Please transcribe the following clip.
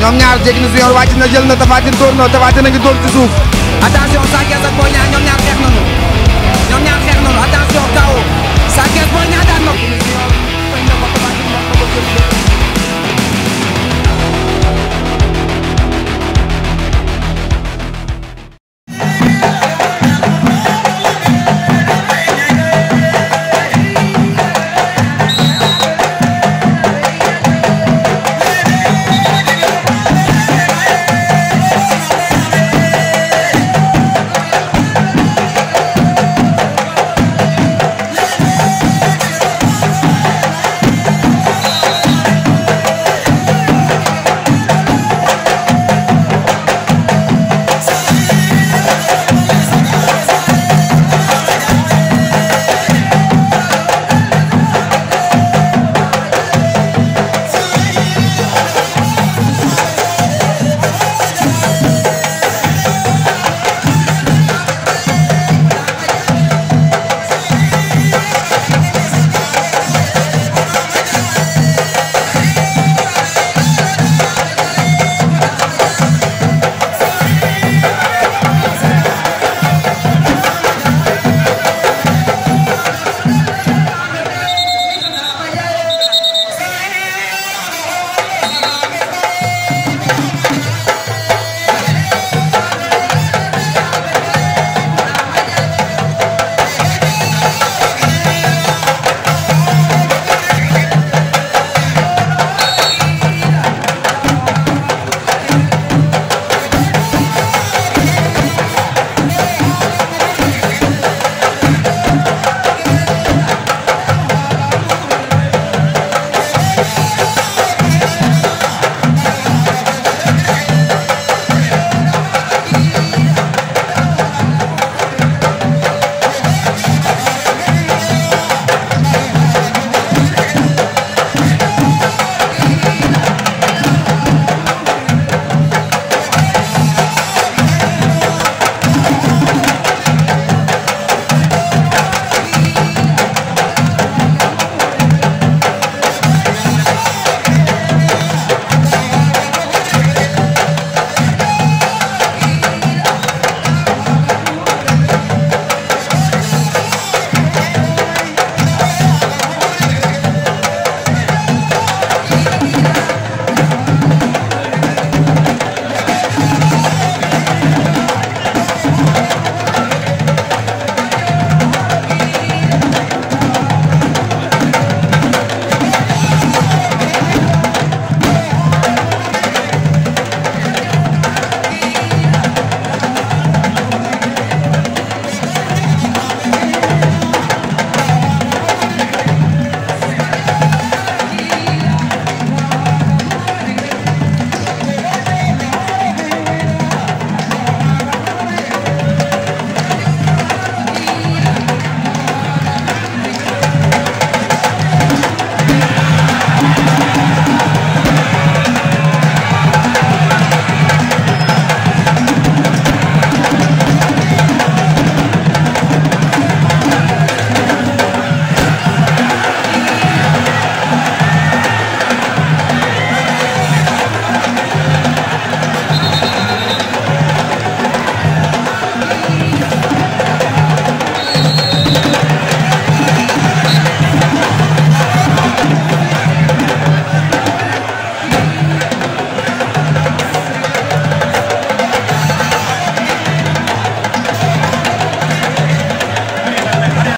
ñoom ñaar jéggi na su yor wàcc jël na Tapha Tine na Tapha ngi dóor suuf attention Sa Thiès ñoom ñaar xeex nañu ñoom ñaar xeex nañu attention kaw Sa Thiès Boy Niang daan na